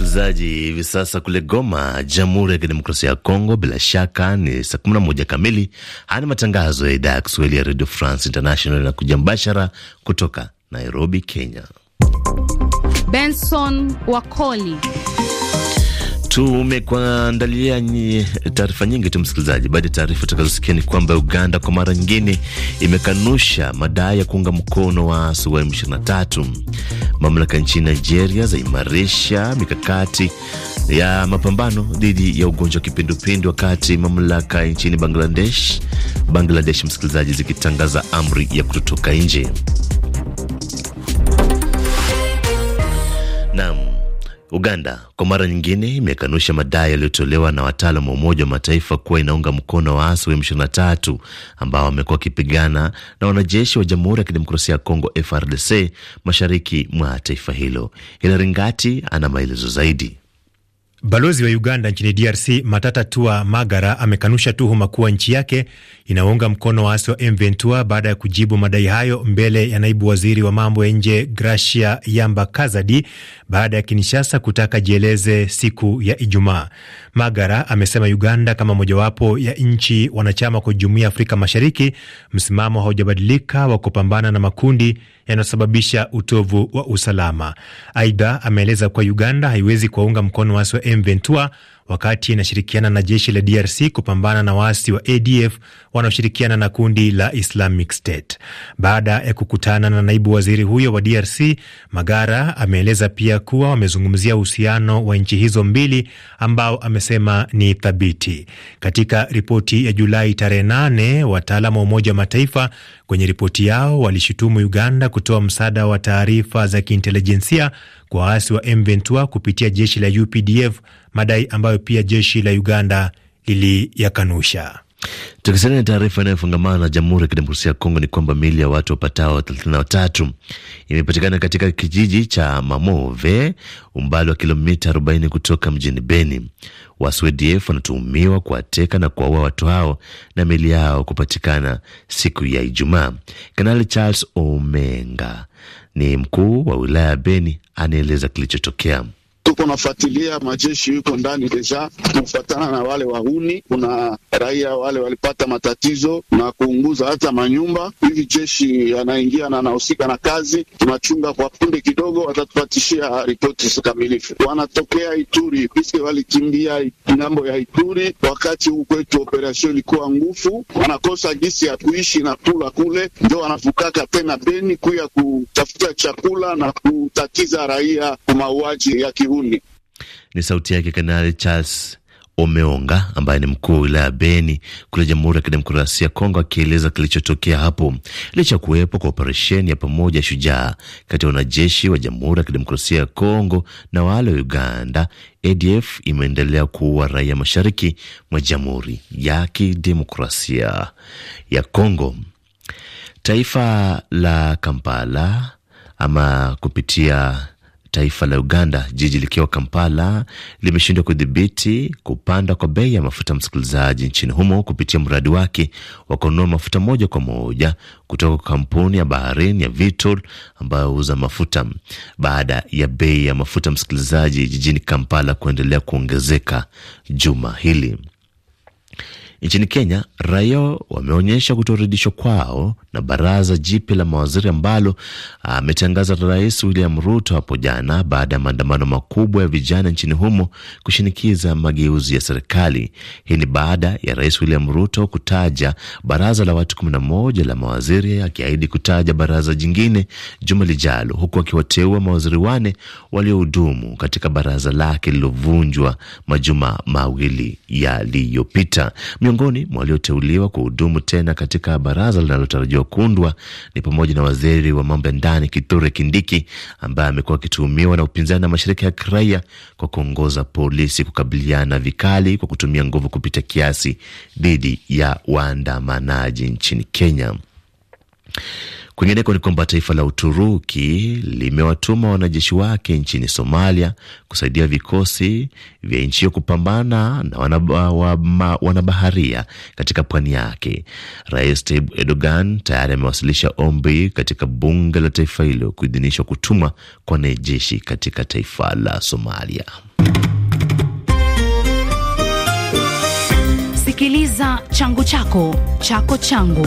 msikilizaji, hivi sasa kule Goma, Jamhuri ya Kidemokrasia ya Kongo, bila shaka ni saa 11 kamili. Haya ni matangazo ya idhaa ya Kiswahili ya Radio France International na kuja mbashara kutoka Nairobi, Kenya. Benson Wakoli Tumekuandalia taarifa nyingi tu msikilizaji. Baada ya taarifa utakazosikia ni kwamba Uganda kwa mara nyingine imekanusha madai ya kuunga mkono waasi wa M23. Mamlaka nchini Nigeria zaimarisha mikakati ya mapambano dhidi ya ugonjwa wa kipindupindu, wakati mamlaka nchini Bangladesh Bangladesh, msikilizaji, zikitangaza amri ya kutotoka nje. Uganda kwa mara nyingine imekanusha madai yaliyotolewa na wataalam wa Umoja wa Mataifa kuwa inaunga mkono waasi wa M23 ambao wamekuwa wakipigana na wanajeshi wa Jamhuri ya Kidemokrasia ya Kongo, frdc mashariki mwa taifa hilo. Hilari Ngati ana maelezo zaidi. Balozi wa Uganda nchini DRC Matata Tua Magara amekanusha tuhuma kuwa nchi yake inaunga mkono waasi wa M23 baada ya kujibu madai hayo mbele ya naibu waziri wa mambo ya nje Gracia Yamba Kazadi baada ya Kinshasa kutaka jieleze siku ya Ijumaa. Magara amesema Uganda kama mojawapo ya nchi wanachama kwa Jumuiya ya Afrika Mashariki, msimamo haujabadilika wa kupambana na makundi yanayosababisha utovu wa usalama. Aidha, ameeleza kuwa Uganda haiwezi kuwaunga mkono waasi wa M23 wakati inashirikiana na jeshi la DRC kupambana na waasi wa ADF wanaoshirikiana na kundi la Islamic State. Baada ya kukutana na naibu waziri huyo wa DRC, Magara ameeleza pia kuwa wamezungumzia uhusiano wa nchi hizo mbili ambao amesema ni thabiti. Katika ripoti ya Julai tarehe 8, wataalamu wa Umoja wa Mataifa kwenye ripoti yao walishutumu Uganda kutoa msaada wa taarifa za kiintelijensia kwa waasi wa M23 kupitia jeshi la UPDF madai ambayo pia jeshi la Uganda liliyakanusha. Tukisalia na taarifa inayofungamana na Jamhuri ya Kidemokrasia ya Kongo ni kwamba miili ya watu wapatao watatu imepatikana katika kijiji cha Mamove, umbali wa kilomita 40 kutoka mjini Beni. WASUDF wanatuhumiwa kuwateka na kuwaua watu hao na miili yao kupatikana siku ya Ijumaa. Kanali Charles Omenga ni mkuu wa wilaya ya Beni, anaeleza kilichotokea tuko nafuatilia, majeshi yuko ndani deja kufuatana na wale wahuni. Kuna raia wale walipata matatizo na kuunguza hata manyumba hivi. Jeshi anaingia na anahusika na kazi, tunachunga kwa punde kidogo, watatupatishia ripoti kamilifu. Wanatokea Ituri piske walikimbia ngambo ya Ituri, wakati huu kwetu operesheni ilikuwa ngufu, wanakosa gisi ya kuishi na kula kule, ndio wanavukaka tena Beni kuya kutafuta chakula na kutatiza raia kwa mauaji ya kihuni karibuni. Ni sauti yake Kanali Charles Omeonga ambaye ni mkuu wa wilaya Beni kule Jamhuri ya Kidemokrasia ya Kongo, akieleza kilichotokea hapo licha ya kuwepo kwa operesheni ya pamoja Shujaa kati ya wanajeshi wa Jamhuri ya Kidemokrasia ya Kongo na wale wa Uganda. ADF imeendelea kuua raia mashariki mwa Jamhuri ya Kidemokrasia ya Kongo. Taifa la Kampala ama kupitia Taifa la Uganda, jiji likiwa Kampala, limeshindwa kudhibiti kupanda kwa bei ya mafuta msikilizaji nchini humo kupitia mradi wake wa kununua mafuta moja kwa moja kutoka kwa kampuni ya baharini ya Vitol ambayo huuza mafuta. Baada ya bei ya mafuta msikilizaji jijini Kampala kuendelea kuongezeka juma hili Nchini Kenya, raia wameonyesha kutoridhishwa kwao na baraza jipya la mawaziri ambalo ah, ametangaza Rais William Ruto hapo jana baada ya maandamano makubwa ya vijana nchini humo kushinikiza mageuzi ya serikali. Hii ni baada ya Rais William Ruto kutaja baraza la watu 11 la mawaziri, akiahidi kutaja baraza jingine juma lijalo, huku akiwateua mawaziri wane waliohudumu katika baraza lake lililovunjwa majuma mawili yaliyopita. Miongoni mwa walioteuliwa kuhudumu tena katika baraza linalotarajiwa kuundwa ni pamoja na waziri wa mambo ya ndani Kithure Kindiki ambaye amekuwa akituhumiwa na upinzani na mashirika ya kiraia kwa kuongoza polisi kukabiliana vikali kwa kutumia nguvu kupita kiasi dhidi ya waandamanaji nchini Kenya. Kwingineko ni kwamba taifa la Uturuki limewatuma wanajeshi wake nchini Somalia kusaidia vikosi vya nchi hiyo kupambana na wanabaharia katika pwani yake. Rais Tayyip Erdogan tayari amewasilisha ombi katika bunge la taifa hilo kuidhinishwa kutuma kwa wanajeshi katika taifa la Somalia. Sikiliza changu chako chako changu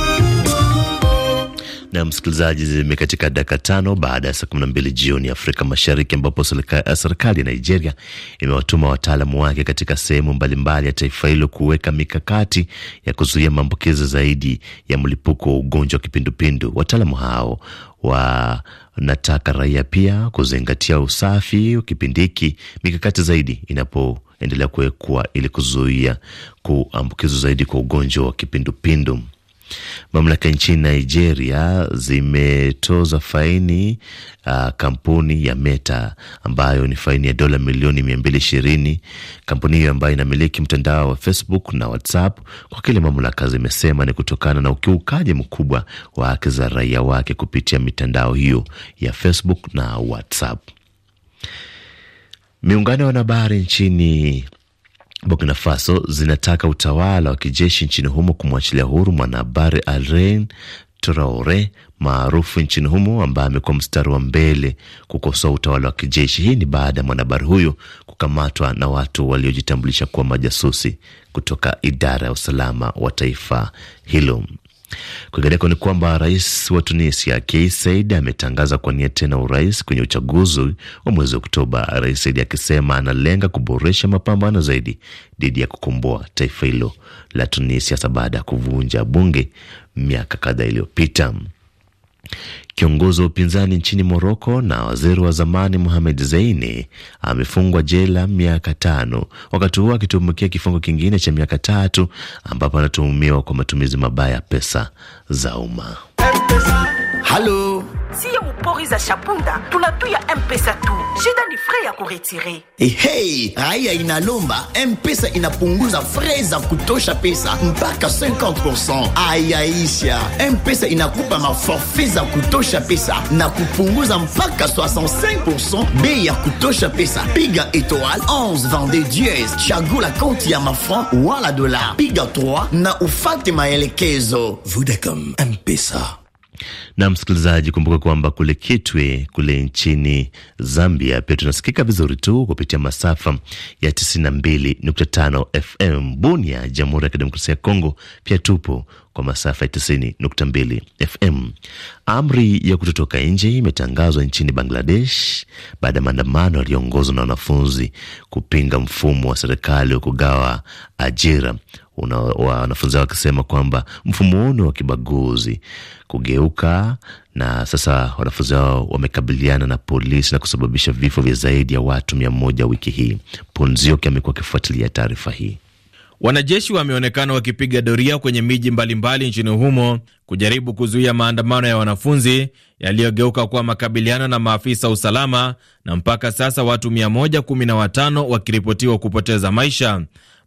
na msikilizaji, zimekatika dakika tano baada ya saa kumi na mbili jioni Afrika Mashariki, ambapo eh, serikali ya Nigeria imewatuma wataalamu wake katika sehemu mbalimbali ya taifa hilo kuweka mikakati ya kuzuia maambukizi zaidi ya mlipuko wa ugonjwa wa kipindupindu. Wataalamu hao wanataka raia pia kuzingatia usafi kipindi hiki, mikakati zaidi inapoendelea kuwekwa ili kuzuia kuambukizwa zaidi kwa ugonjwa wa kipindupindu. Mamlaka nchini Nigeria zimetoza faini uh, kampuni ya Meta ambayo ni faini ya dola milioni mia mbili ishirini kampuni hiyo ambayo inamiliki mtandao wa Facebook na WhatsApp kwa kile mamlaka zimesema ni kutokana na ukiukaji mkubwa wa haki za raia wake kupitia mitandao hiyo ya Facebook na WhatsApp. Miungano ya wanahabari nchini Burkina Faso zinataka utawala wa kijeshi nchini humo kumwachilia huru mwanahabari Alain Traore maarufu nchini humo ambaye amekuwa mstari wa mbele kukosoa utawala wa kijeshi. Hii ni baada ya mwanahabari huyo kukamatwa na watu waliojitambulisha kuwa majasusi kutoka idara ya usalama wa taifa hilo. Kwingineko ni kwamba rais wa Tunisia Kais Saied ametangaza kuwania tena urais kwenye uchaguzi wa mwezi Oktoba, rais Saied akisema analenga kuboresha mapambano zaidi dhidi ya kukomboa taifa hilo la Tunisia hasa baada ya kuvunja bunge miaka kadhaa iliyopita. Kiongozi wa upinzani nchini Moroko na waziri wa zamani muhamed Zeini amefungwa jela miaka tano, wakati huo akitumikia kifungo kingine cha miaka tatu ambapo anatuhumiwa kwa matumizi mabaya ya pesa za umma. Halo pori za chapunda tunatuya mpesa tu shida ni fre ya Hey eh, hey, raia inalomba mpesa inapunguza fre za kutosha pesa mpaka 50 ayaisha mpesa inakupa maforfe za kutosha pesa na kupunguza mpaka 65 bei ya kutosha pesa piga onze 11 vende dies chagula konti ya mafran wala dolar piga 3 na ufate maelekezo vodacom mpesa Na msikilizaji, kumbuka kwamba kule Kitwe kule nchini Zambia pia tunasikika vizuri tu kupitia masafa ya 92.5 FM. Bunia, Jamhuri ya Kidemokrasia ya Kongo, pia tupo kwa masafa ya 90.2 FM. Amri ya kutotoka nje imetangazwa nchini Bangladesh baada ya maandamano yaliyoongozwa na wanafunzi kupinga mfumo wa serikali wa kugawa ajira wanafunzi hao wakisema kwamba mfumo huu wa kibaguzi kugeuka, na sasa wanafunzi wao wamekabiliana na polisi na kusababisha vifo vya zaidi ya watu mia moja wiki hii. Ponzioki amekuwa akifuatilia taarifa hii. Wanajeshi wameonekana wakipiga doria kwenye miji mbalimbali nchini humo kujaribu kuzuia maandamano ya wanafunzi yaliyogeuka kuwa makabiliano na maafisa usalama, na mpaka sasa watu 115 wakiripotiwa kupoteza maisha.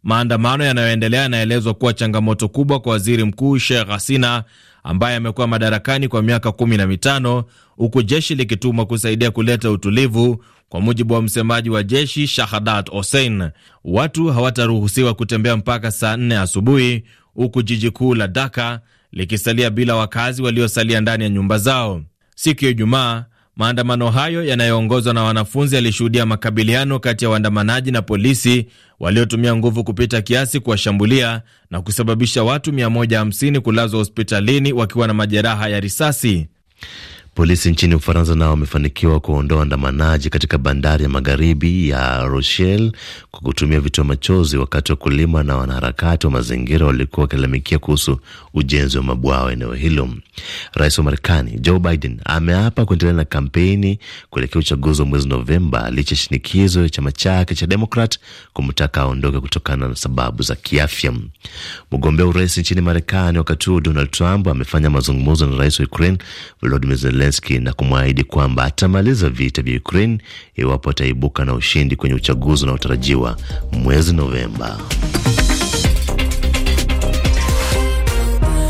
Maandamano yanayoendelea yanaelezwa kuwa changamoto kubwa kwa waziri mkuu Sheikh Hasina ambaye amekuwa madarakani kwa miaka kumi na mitano huku jeshi likitumwa kusaidia kuleta utulivu. Kwa mujibu wa msemaji wa jeshi Shahadat Hossein, watu hawataruhusiwa kutembea mpaka saa nne asubuhi huku jiji kuu la Daka likisalia bila wakazi waliosalia ndani ya nyumba zao siku ya Ijumaa. Maandamano hayo yanayoongozwa na wanafunzi yalishuhudia makabiliano kati ya waandamanaji na polisi waliotumia nguvu kupita kiasi kuwashambulia na kusababisha watu 150 kulazwa hospitalini wakiwa na majeraha ya risasi. Polisi nchini Ufaransa nao wamefanikiwa kuondoa waandamanaji katika bandari ya magharibi ya Rochelle kwa kutumia vitoa machozi wakati wa kulima, na wanaharakati wa mazingira walikuwa wakilalamikia kuhusu ujenzi wa mabwawa eneo hilo. Rais wa Marekani Joe Biden ameapa kuendelea na kampeni kuelekea uchaguzi wa mwezi Novemba licha shinikizo ya chama chake cha Demokrat kumtaka aondoke kutokana na sababu za kiafya. Mgombea urais nchini Marekani wakati huo Donald Trump amefanya mazungumzo na rais wa Ukraine Volodymyr Zelensky Zelenski na kumwahidi kwamba atamaliza vita vya Ukraine iwapo ataibuka na ushindi kwenye uchaguzi unaotarajiwa mwezi Novemba.